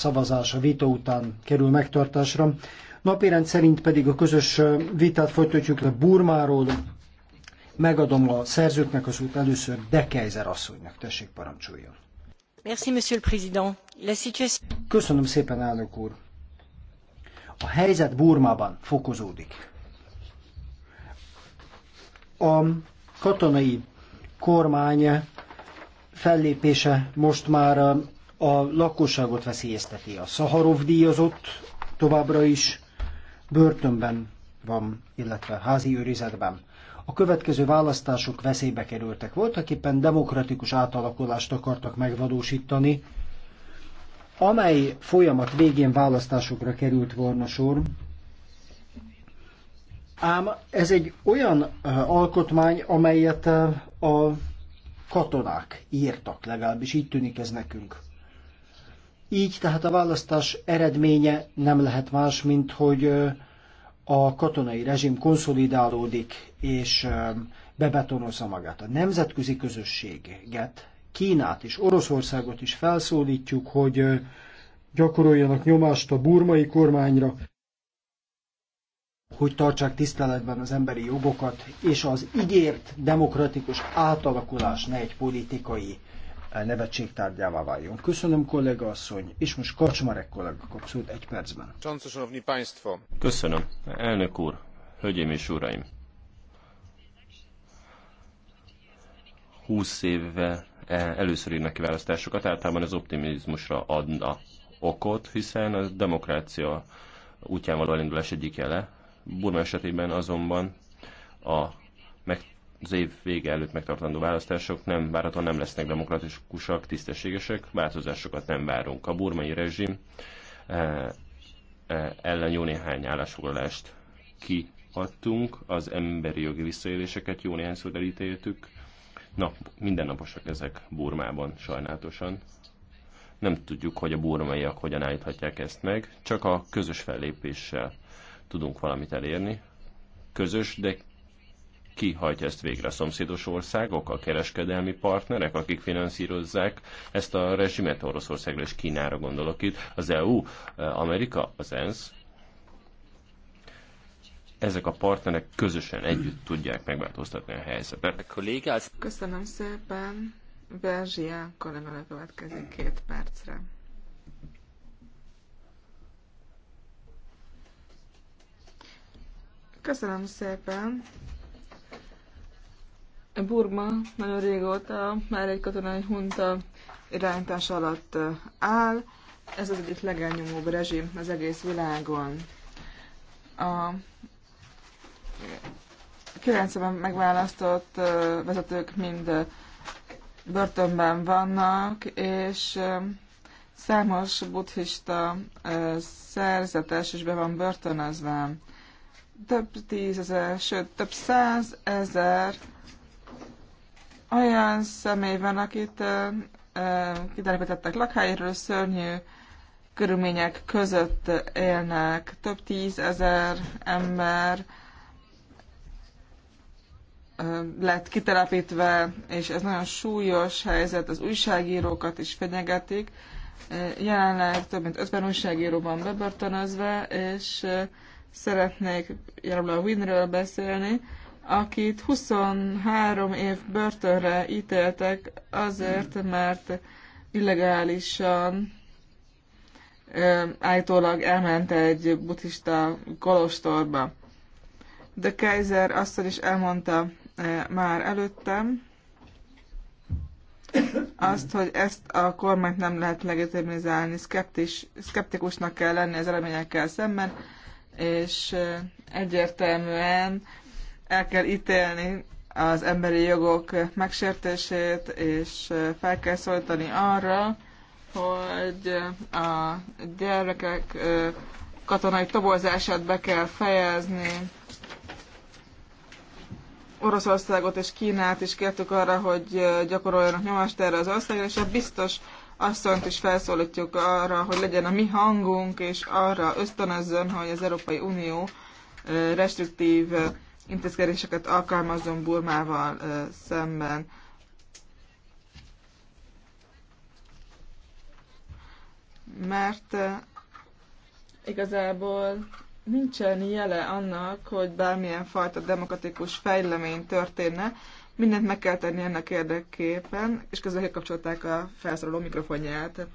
szavazása vita után kerül megtartásra. Napirend szerint pedig a közös vitát folytatjuk a Burmáról. Megadom a szerzőknek az út először De Kaiser asszonynak. Tessék parancsoljon. Merci, monsieur le président. La situation... Köszönöm szépen, elnök úr. A helyzet Burmában fokozódik. A katonai kormány fellépése most már a lakosságot veszélyezteti. A Szaharov díjazott továbbra is börtönben van, illetve házi őrizetben. A következő választások veszélybe kerültek. Voltak éppen demokratikus átalakulást akartak megvalósítani, amely folyamat végén választásokra került volna sor, Ám ez egy olyan alkotmány, amelyet a katonák írtak, legalábbis így tűnik ez nekünk. Így tehát a választás eredménye nem lehet más, mint hogy a katonai rezsim konszolidálódik és bebetonozza magát. A nemzetközi közösséget, Kínát és Oroszországot is felszólítjuk, hogy gyakoroljanak nyomást a burmai kormányra, hogy tartsák tiszteletben az emberi jogokat, és az ígért demokratikus átalakulás ne egy politikai Eh, nevetség tárgyává váljon. Köszönöm kollega asszony, és most Kacsmarek kollega kap szót egy percben. Köszönöm, elnök úr, hölgyeim és uraim. 20 éve e, először írnak ki választásokat, általában az optimizmusra adna okot, hiszen a demokrácia útján való elindulás egyik jele. Burma esetében azonban a meg az év vége előtt megtartandó választások nem várhatóan nem lesznek demokratikusak, tisztességesek, változásokat nem várunk. A burmai rezsim eh, eh, ellen jó néhány állásfoglalást kiadtunk, az emberi jogi visszaéléseket jó néhányszor elítéltük. Na, mindennaposak ezek Burmában sajnálatosan. Nem tudjuk, hogy a burmaiak hogyan állíthatják ezt meg, csak a közös fellépéssel tudunk valamit elérni. Közös, de ki hajtja ezt végre? A szomszédos országok, a kereskedelmi partnerek, akik finanszírozzák ezt a rezsimet Oroszországra és Kínára gondolok itt. Az EU, Amerika, az ENSZ, ezek a partnerek közösen együtt tudják megváltoztatni a helyzetet. Köszönöm szépen. Belzsia kollega következik két percre. Köszönöm szépen. Burma nagyon régóta már egy katonai hunta irányítás alatt áll. Ez az egyik legelnyomóbb rezsim az egész világon. A 90 megválasztott vezetők mind börtönben vannak, és számos buddhista szerzetes is be van börtönözve. Több tízezer, sőt több százezer olyan személy van, akit kitelepítettek lakhelyéről, szörnyű körülmények között élnek. Több tízezer ember lett kitelepítve, és ez nagyon súlyos helyzet, az újságírókat is fenyegetik. Jelenleg több mint 50 újságíró van bebörtönözve, és szeretnék jelenleg a Winről beszélni akit 23 év börtönre ítéltek azért, mert illegálisan állítólag elment egy buddhista kolostorba. De Kaiser azt is elmondta már előttem, azt, hogy ezt a kormányt nem lehet legitimizálni, szkeptis, szkeptikusnak kell lenni az eleményekkel szemben, és egyértelműen el kell ítélni az emberi jogok megsértését, és fel kell szólítani arra, hogy a gyermekek katonai tobozását be kell fejezni. Oroszországot és Kínát is kértük arra, hogy gyakoroljanak nyomást erre az országra, és a biztos asszonyt is felszólítjuk arra, hogy legyen a mi hangunk, és arra ösztönözzön, hogy az Európai Unió restriktív intézkedéseket alkalmazzon Burmával szemben. Mert igazából nincsen jele annak, hogy bármilyen fajta demokratikus fejlemény történne, mindent meg kell tenni ennek érdekében, és közben kapcsolták a felszólaló mikrofonját.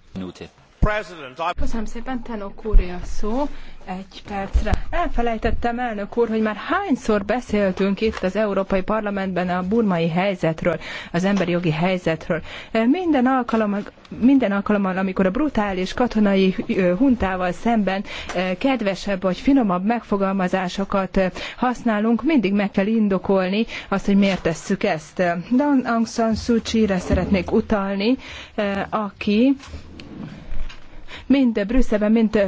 Köszönöm szépen, Tenok úr, a szó. Egy percre. Elfelejtettem, elnök úr, hogy már hányszor beszéltünk itt az Európai Parlamentben a burmai helyzetről, az emberi jogi helyzetről. E, minden alkalommal, minden alkalommal amikor a brutális katonai e, huntával szemben e, kedvesebb vagy finomabb megfogalmazásokat használunk, mindig meg kell indokolni azt, hogy miért tesszük ezt. Dan Aung San Suu Kyi-re szeretnék utalni, aki mind Brüsszelben, mind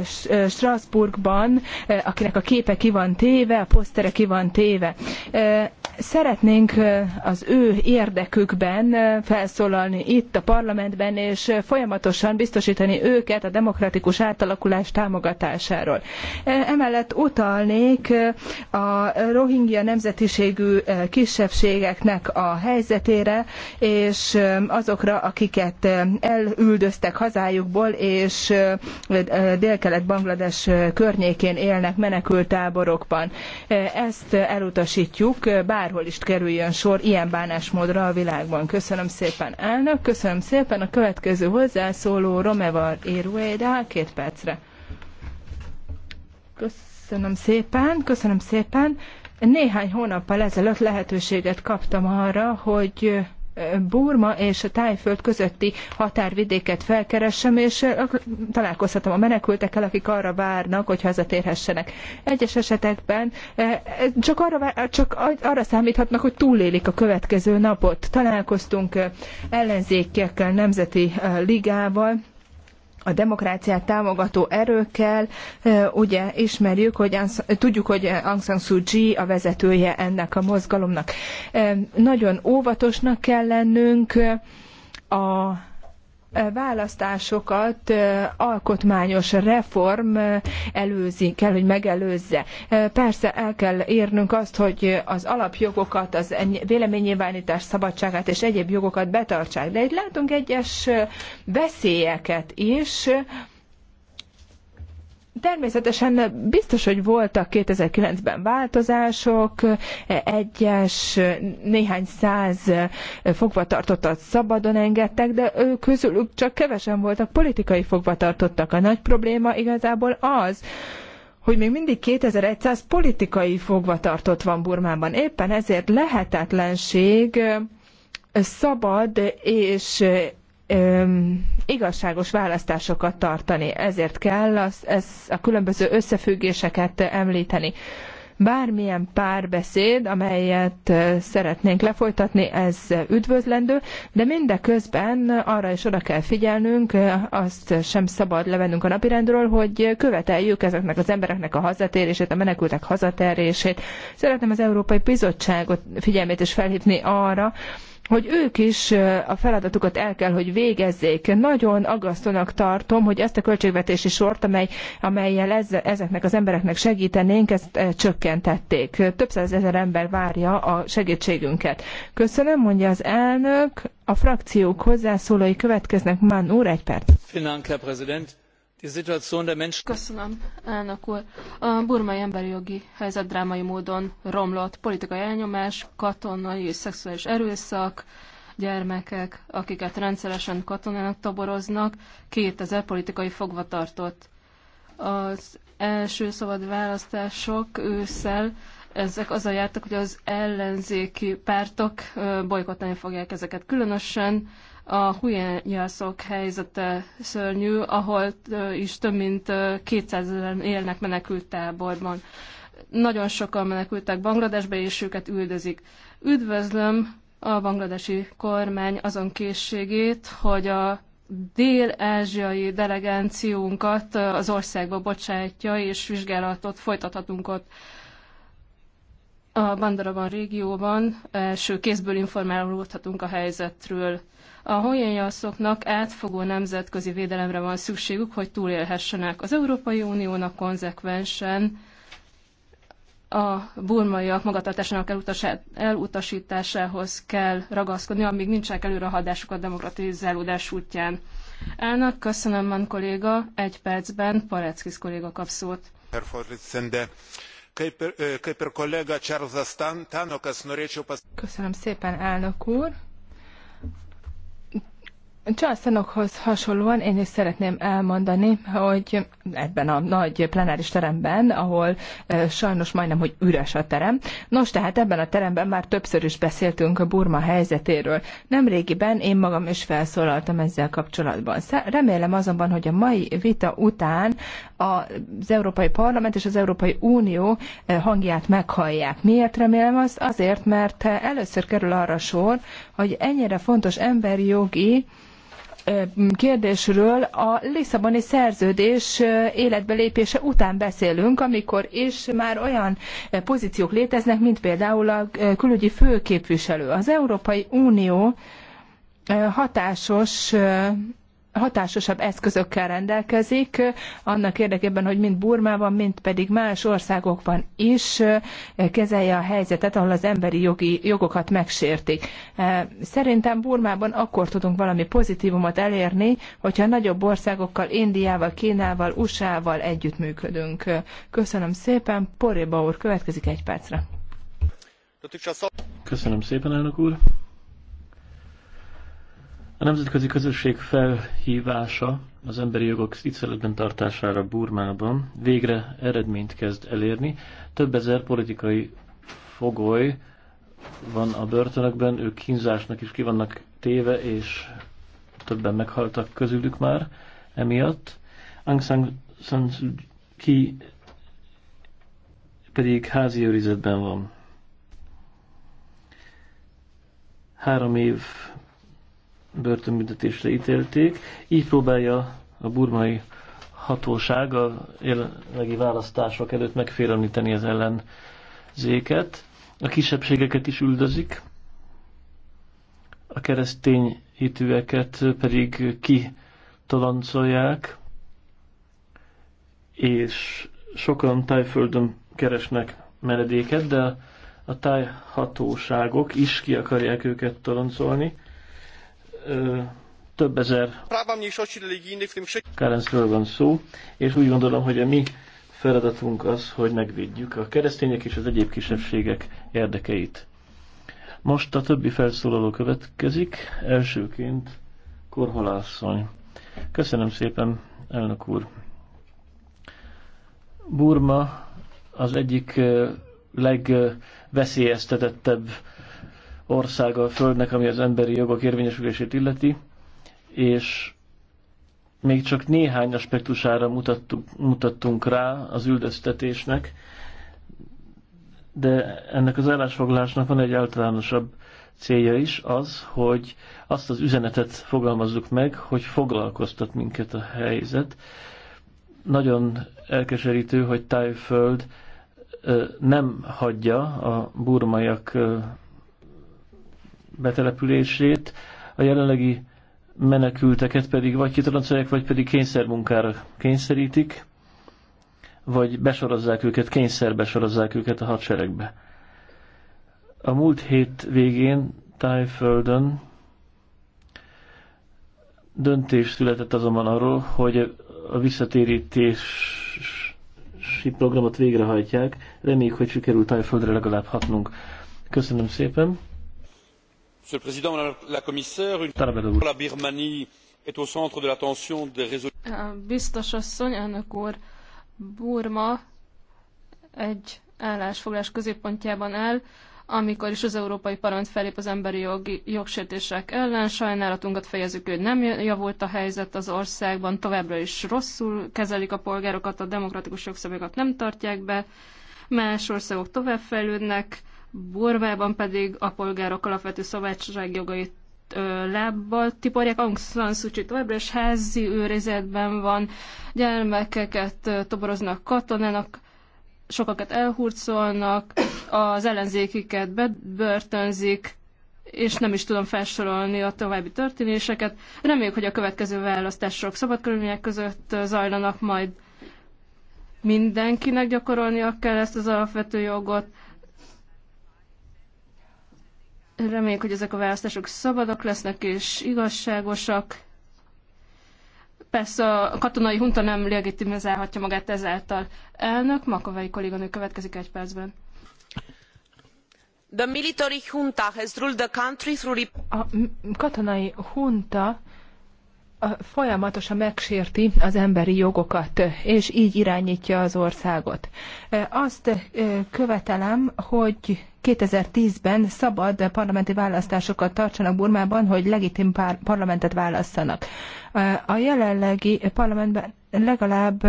Strasbourgban, akinek a képe ki van téve, a posztere ki van téve. Szeretnénk az ő érdekükben felszólalni itt a parlamentben, és folyamatosan biztosítani őket a demokratikus átalakulás támogatásáról. E, emellett utalnék a rohingya nemzetiségű kisebbségeknek a helyzetére, és azokra, akiket elüldöztek hazájukból, és délkelet Banglades környékén élnek menekültáborokban. Ezt elutasítjuk, bár bárhol is kerüljön sor ilyen bánásmódra a világban. Köszönöm szépen, elnök, köszönöm szépen a következő hozzászóló Romevar Éruédá két percre. Köszönöm szépen, köszönöm szépen. Néhány hónappal ezelőtt lehetőséget kaptam arra, hogy Burma és Tájföld közötti határvidéket felkeressem, és találkozhatom a menekültekkel, akik arra várnak, hogy hazatérhessenek. Egyes esetekben csak arra, csak arra számíthatnak, hogy túlélik a következő napot. Találkoztunk ellenzékiekkel, nemzeti ligával, a demokráciát támogató erőkkel. Ugye ismerjük, hogy tudjuk, hogy Aung San Suu Kyi a vezetője ennek a mozgalomnak. Nagyon óvatosnak kell lennünk a választásokat alkotmányos reform előzi, kell, hogy megelőzze. Persze el kell érnünk azt, hogy az alapjogokat, az véleménynyilvánítás szabadságát és egyéb jogokat betartsák, de itt látunk egyes veszélyeket is, Természetesen biztos, hogy voltak 2009-ben változások, egyes, néhány száz fogvatartottat szabadon engedtek, de ők közülük csak kevesen voltak politikai fogvatartottak. A nagy probléma igazából az, hogy még mindig 2100 politikai fogvatartott van Burmában. Éppen ezért lehetetlenség szabad és igazságos választásokat tartani. Ezért kell az, ez a különböző összefüggéseket említeni. Bármilyen párbeszéd, amelyet szeretnénk lefolytatni, ez üdvözlendő, de mindeközben arra is oda kell figyelnünk, azt sem szabad levennünk a napirendről, hogy követeljük ezeknek az embereknek a hazatérését, a menekültek hazatérését. Szeretném az Európai Bizottságot figyelmét is felhívni arra, hogy ők is a feladatukat el kell, hogy végezzék. Nagyon aggasztónak tartom, hogy ezt a költségvetési sort, amely, amelyel ez, ezeknek az embereknek segítenénk, ezt csökkentették. Több százezer ember várja a segítségünket. Köszönöm, mondja az elnök. A frakciók hozzászólói következnek. Mann úr, egy perc. Köszönöm, Köszönöm, elnök úr. A burmai emberi jogi helyzet drámai módon romlott politikai elnyomás, katonai és szexuális erőszak, gyermekek, akiket rendszeresen katonának toboroznak, 2000 politikai fogvatartott. Az első szabad választások ősszel ezek azzal jártak, hogy az ellenzéki pártok bolykottálni fogják ezeket. Különösen a hujenyászok helyzete szörnyű, ahol is több mint 200 ezeren élnek menekült táborban. Nagyon sokan menekültek Bangladesbe, és őket üldözik. Üdvözlöm a bangladesi kormány azon készségét, hogy a dél-ázsiai delegációnkat az országba bocsátja, és vizsgálatot folytathatunk ott a Bandaraban régióban. Első kézből informálódhatunk a helyzetről. A honjaiaszoknak átfogó nemzetközi védelemre van szükségük, hogy túlélhessenek. Az Európai Uniónak konzekvensen a burmaiak magatartásának elutasításához kell ragaszkodni, amíg nincsenek előre a demokratizálódás útján. Elnök, köszönöm, man kolléga. Egy percben Pareckis kolléga kap szót. Köszönöm szépen, elnök úr. Csalszanokhoz hasonlóan én is szeretném elmondani, hogy ebben a nagy plenáris teremben, ahol sajnos majdnem, hogy üres a terem. Nos, tehát ebben a teremben már többször is beszéltünk a Burma helyzetéről. Nemrégiben én magam is felszólaltam ezzel kapcsolatban. Remélem azonban, hogy a mai vita után az Európai Parlament és az Európai Unió hangját meghallják. Miért remélem az? Azért, mert először kerül arra sor, hogy ennyire fontos emberi jogi kérdésről a Lisszaboni szerződés életbe lépése után beszélünk, amikor is már olyan pozíciók léteznek, mint például a külügyi főképviselő. Az Európai Unió hatásos hatásosabb eszközökkel rendelkezik, annak érdekében, hogy mind Burmában, mind pedig más országokban is kezelje a helyzetet, ahol az emberi jogi, jogokat megsértik. Szerintem Burmában akkor tudunk valami pozitívumot elérni, hogyha nagyobb országokkal, Indiával, Kínával, USA-val együttműködünk. Köszönöm szépen, Poréba úr, következik egy percre. Köszönöm szépen, elnök úr. A nemzetközi közösség felhívása az emberi jogok tiszteletben tartására Burmában végre eredményt kezd elérni. Több ezer politikai fogoly van a börtönökben, ők kínzásnak is kivannak téve, és többen meghaltak közülük már emiatt. Aung San Suu Kyi pedig házi őrizetben van. Három év börtönbüntetésre ítélték. Így próbálja a burmai hatóság a jelenlegi választások előtt megfélemlíteni az ellenzéket. A kisebbségeket is üldözik, a keresztény hitűeket pedig kitoloncolják, és sokan tájföldön keresnek menedéket, de a tájhatóságok is ki akarják őket toloncolni több ezer keresztről van szó, és úgy gondolom, hogy a mi feladatunk az, hogy megvédjük a keresztények és az egyéb kisebbségek érdekeit. Most a többi felszólaló következik, elsőként Korholászony. Köszönöm szépen, elnök úr. Burma az egyik legveszélyeztetettebb országa a Földnek, ami az emberi jogok érvényesülését illeti, és még csak néhány aspektusára mutattuk mutattunk rá az üldöztetésnek, de ennek az állásfoglalásnak van egy általánosabb célja is, az, hogy azt az üzenetet fogalmazzuk meg, hogy foglalkoztat minket a helyzet. Nagyon elkeserítő, hogy Tájföld nem hagyja a burmaiak betelepülését, a jelenlegi menekülteket pedig vagy kitoloncolják, vagy pedig kényszermunkára kényszerítik, vagy besorozzák őket, kényszerbesorozzák őket a hadseregbe. A múlt hét végén Tájföldön döntés született azonban arról, hogy a visszatérítési programot végrehajtják. Reméljük, hogy sikerült Tájföldre legalább hatnunk. Köszönöm szépen! monsieur le président madame la commissaire la birmanie est au centre de l'attention des résolutions. burma egy állásfoglalás középpontjában áll amikor is az Európai Parlament felép az emberi jogi, jogsértések ellen. Sajnálatunkat fejezzük, hogy nem javult a helyzet az országban, továbbra is rosszul kezelik a polgárokat, a demokratikus jogszabályokat nem tartják be, más országok tovább fejlődnek, Burmában pedig a polgárok alapvető szabadságjogait lábbal tiporják. Aung San Suu Kyi továbbra is házi őrizetben van, gyermekeket toboroznak katonának, sokakat elhurcolnak, az ellenzékiket bebörtönzik, és nem is tudom felsorolni a további történéseket. Reméljük, hogy a következő választások szabad körülmények között zajlanak majd. Mindenkinek gyakorolnia kell ezt az alapvető jogot, Reméljük, hogy ezek a választások szabadok lesznek és igazságosak. Persze a katonai hunta nem legitimizálhatja magát ezáltal. Elnök Makovai kolléganő következik egy percben. The military junta has ruled the country through... A katonai hunta folyamatosan megsérti az emberi jogokat, és így irányítja az országot. Azt követelem, hogy 2010-ben szabad parlamenti választásokat tartsanak Burmában, hogy legitim parlamentet válasszanak. A jelenlegi parlamentben legalább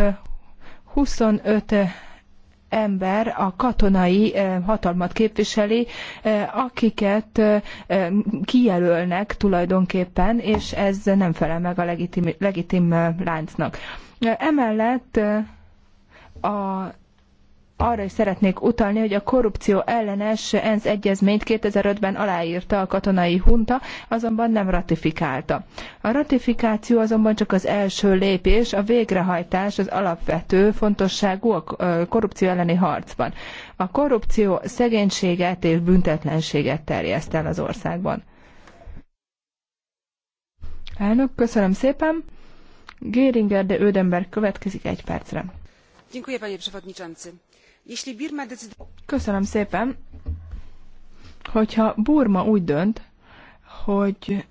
25 ember a katonai eh, hatalmat képviseli, eh, akiket eh, kijelölnek tulajdonképpen, és ez nem felel meg a legitim, legitim láncnak. Emellett a arra is szeretnék utalni, hogy a korrupció ellenes ENSZ egyezményt 2005-ben aláírta a katonai hunta, azonban nem ratifikálta. A ratifikáció azonban csak az első lépés, a végrehajtás az alapvető fontosságú a korrupció elleni harcban. A korrupció szegénységet és büntetlenséget terjeszt el az országban. Elnök, köszönöm szépen. Géringer de Ödenberg következik egy percre. Köszönöm szépen. Hogyha Burma úgy dönt, hogy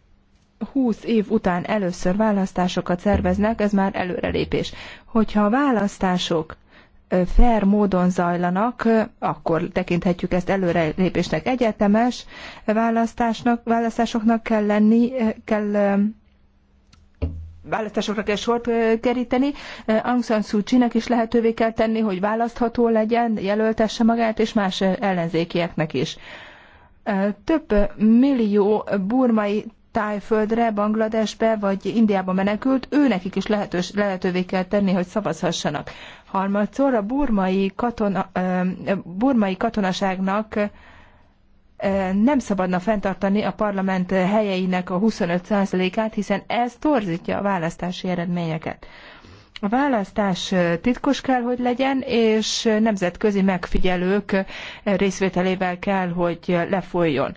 20 év után először választásokat szerveznek, ez már előrelépés. Hogyha a választások fair módon zajlanak, akkor tekinthetjük ezt előrelépésnek. Egyetemes választásnak, választásoknak kell lenni, kell választásokra kell sort keríteni. Aung San Suu Kyi-nek is lehetővé kell tenni, hogy választható legyen, jelöltesse magát, és más ellenzékieknek is. Több millió burmai Tájföldre, Bangladesbe vagy Indiába menekült, ő nekik is lehetős, lehetővé kell tenni, hogy szavazhassanak. Harmadszor a burmai, katona, burmai katonaságnak nem szabadna fenntartani a parlament helyeinek a 25%-át, hiszen ez torzítja a választási eredményeket. A választás titkos kell, hogy legyen, és nemzetközi megfigyelők részvételével kell, hogy lefolyjon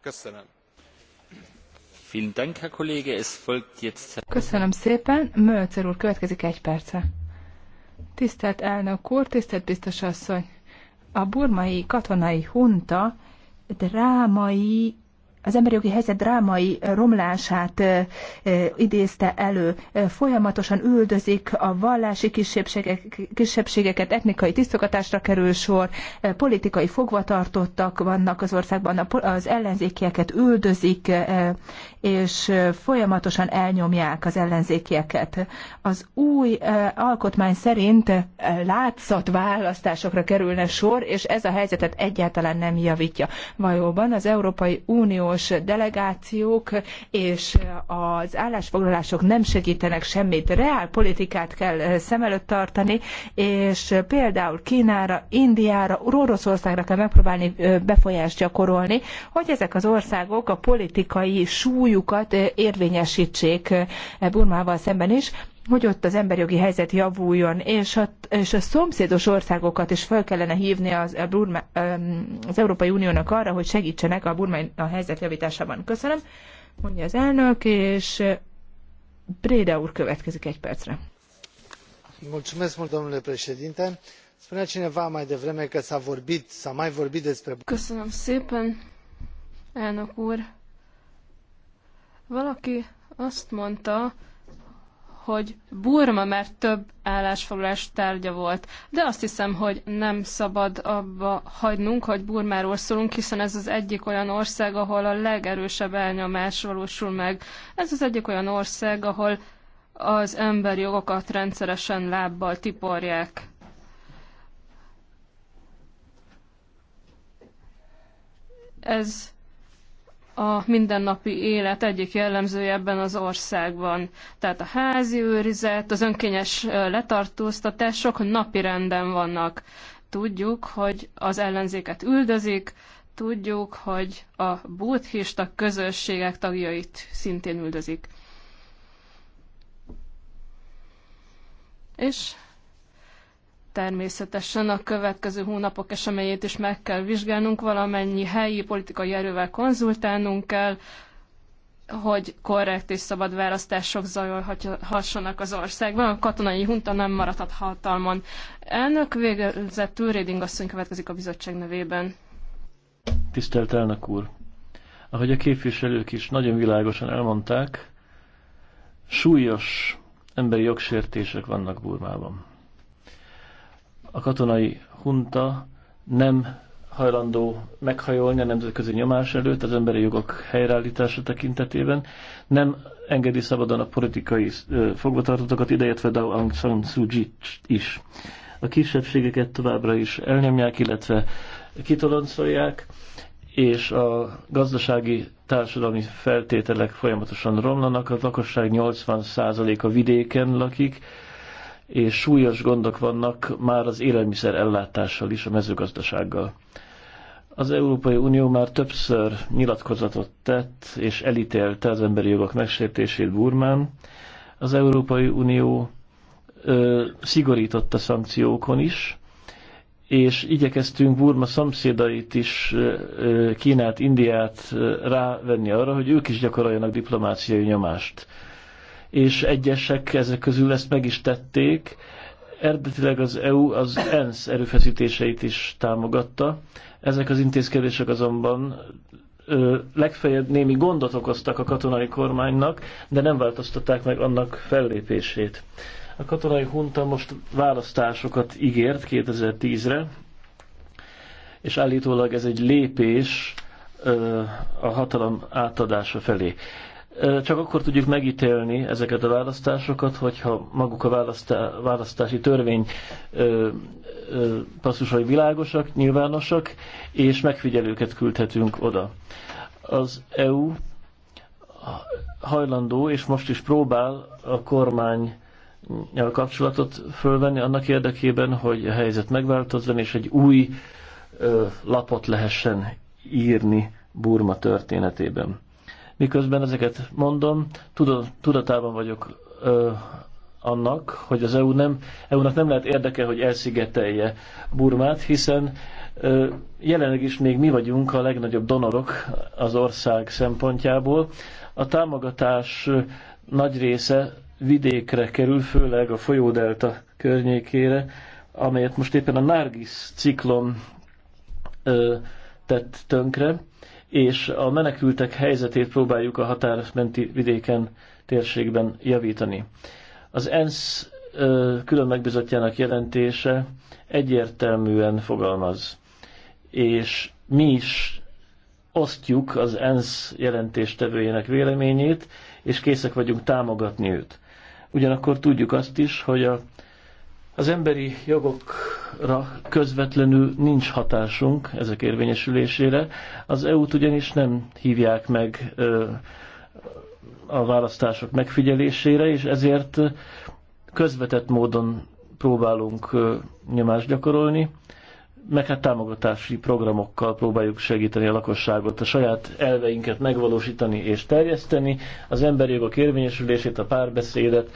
Köszönöm. szépen. Mölcer úr, következik egy perce. Tisztelt elnök úr, tisztelt biztos asszony! A burmai katonai hunta drámai az emberi jogi helyzet drámai romlását idézte elő. Folyamatosan üldözik a vallási kisebbségek, kisebbségeket, etnikai tisztogatásra kerül sor, politikai fogvatartottak vannak az országban, az ellenzékieket üldözik, és folyamatosan elnyomják az ellenzékieket. Az új alkotmány szerint látszat választásokra kerülne sor, és ez a helyzetet egyáltalán nem javítja. Vajóban az Európai Unió uniós delegációk és az állásfoglalások nem segítenek semmit. Reál politikát kell szem előtt tartani, és például Kínára, Indiára, Oroszországra kell megpróbálni befolyást gyakorolni, hogy ezek az országok a politikai súlyukat érvényesítsék Burmával szemben is, hogy ott az emberjogi helyzet javuljon, és a, és a szomszédos országokat is fel kellene hívni az, a Burma, az Európai Uniónak arra, hogy segítsenek a burmai a helyzet javításában. Köszönöm, mondja az elnök, és Bréda úr következik egy percre. Mulțumesc mult, domnule președinte. Spunea cineva mai devreme a vorbit, s-a mai vorbit despre... Köszönöm szépen, elnök úr. Valaki azt mondta, hogy Burma már több állásfoglalás tárgya volt. De azt hiszem, hogy nem szabad abba hagynunk, hogy Burmáról szólunk, hiszen ez az egyik olyan ország, ahol a legerősebb elnyomás valósul meg. Ez az egyik olyan ország, ahol az emberi jogokat rendszeresen lábbal tiporják. Ez a mindennapi élet egyik jellemzője ebben az országban. Tehát a házi őrizet, az önkényes letartóztatások napi renden vannak. Tudjuk, hogy az ellenzéket üldözik, tudjuk, hogy a buddhista közösségek tagjait szintén üldözik. És Természetesen a következő hónapok eseményét is meg kell vizsgálnunk, valamennyi helyi politikai erővel konzultálnunk kell, hogy korrekt és szabad választások zajolhassanak az országban. A katonai hunta nem maradhat hatalmon. Elnök végezetül Réding asszony következik a bizottság nevében. Tisztelt elnök úr! Ahogy a képviselők is nagyon világosan elmondták, súlyos emberi jogsértések vannak Burmában a katonai hunta nem hajlandó meghajolni a nemzetközi nyomás előtt az emberi jogok helyreállítása tekintetében, nem engedi szabadon a politikai fogvatartottakat, ideértve Dao Aung San Suu Kyi is. A kisebbségeket továbbra is elnyomják, illetve kitoloncolják, és a gazdasági társadalmi feltételek folyamatosan romlanak, a lakosság 80%-a vidéken lakik, és súlyos gondok vannak már az élelmiszer ellátással is, a mezőgazdasággal. Az Európai Unió már többször nyilatkozatot tett és elítélte az emberi jogok megsértését Burmán. Az Európai Unió ö, szigorította szankciókon is, és igyekeztünk Burma szomszédait is, Kínát, Indiát rávenni arra, hogy ők is gyakoroljanak diplomáciai nyomást és egyesek ezek közül ezt meg is tették. Eredetileg az EU az ENSZ erőfeszítéseit is támogatta. Ezek az intézkedések azonban ö, legfeljebb némi gondot okoztak a katonai kormánynak, de nem változtatták meg annak fellépését. A katonai hunta most választásokat ígért 2010-re, és állítólag ez egy lépés ö, a hatalom átadása felé. Csak akkor tudjuk megítélni ezeket a választásokat, hogyha maguk a választá, választási törvény ö, ö, passzusai világosak, nyilvánosak, és megfigyelőket küldhetünk oda. Az EU hajlandó, és most is próbál a kormány a kapcsolatot fölvenni annak érdekében, hogy a helyzet megváltozzon, és egy új ö, lapot lehessen írni Burma történetében. Miközben ezeket mondom, tudatában vagyok ö, annak, hogy az EU nem, EU-nak nem lehet érdeke, hogy elszigetelje Burmát, hiszen ö, jelenleg is még mi vagyunk a legnagyobb donorok az ország szempontjából. A támogatás nagy része vidékre kerül, főleg a folyódelta környékére, amelyet most éppen a Nargis ciklon ö, tett tönkre és a menekültek helyzetét próbáljuk a határmenti vidéken térségben javítani. Az ENSZ külön megbizotjának jelentése egyértelműen fogalmaz, és mi is osztjuk az ENSZ jelentéstevőjének véleményét, és készek vagyunk támogatni őt. Ugyanakkor tudjuk azt is, hogy a az emberi jogokra közvetlenül nincs hatásunk ezek érvényesülésére. Az EU-t ugyanis nem hívják meg a választások megfigyelésére, és ezért közvetett módon próbálunk nyomást gyakorolni, meg hát támogatási programokkal próbáljuk segíteni a lakosságot, a saját elveinket megvalósítani és terjeszteni, az emberi jogok érvényesülését, a párbeszédet,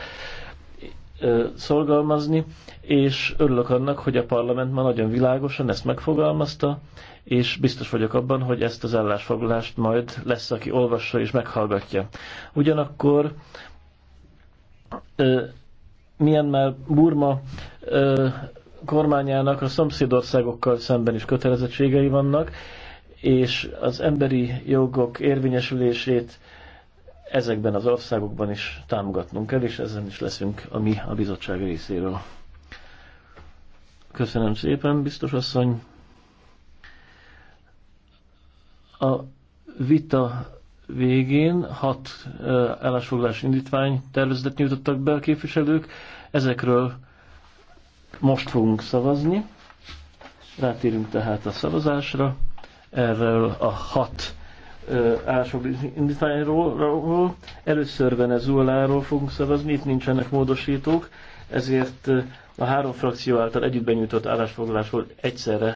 szolgalmazni, és örülök annak, hogy a parlament ma nagyon világosan ezt megfogalmazta, és biztos vagyok abban, hogy ezt az állásfoglalást majd lesz, aki olvassa és meghallgatja. Ugyanakkor már Burma kormányának a szomszédországokkal szemben is kötelezettségei vannak, és az emberi jogok érvényesülését ezekben az országokban is támogatnunk kell, és ezen is leszünk a mi a bizottság részéről. Köszönöm szépen, biztos asszony. A vita végén hat állásfoglalás indítvány tervezetet nyújtottak be a képviselők. Ezekről most fogunk szavazni. Rátérünk tehát a szavazásra. Erről a hat állások indítványról. Először Venezuela-ról fogunk szavazni, itt nincsenek módosítók, ezért a három frakció által együtt benyújtott állásfoglalásról egyszerre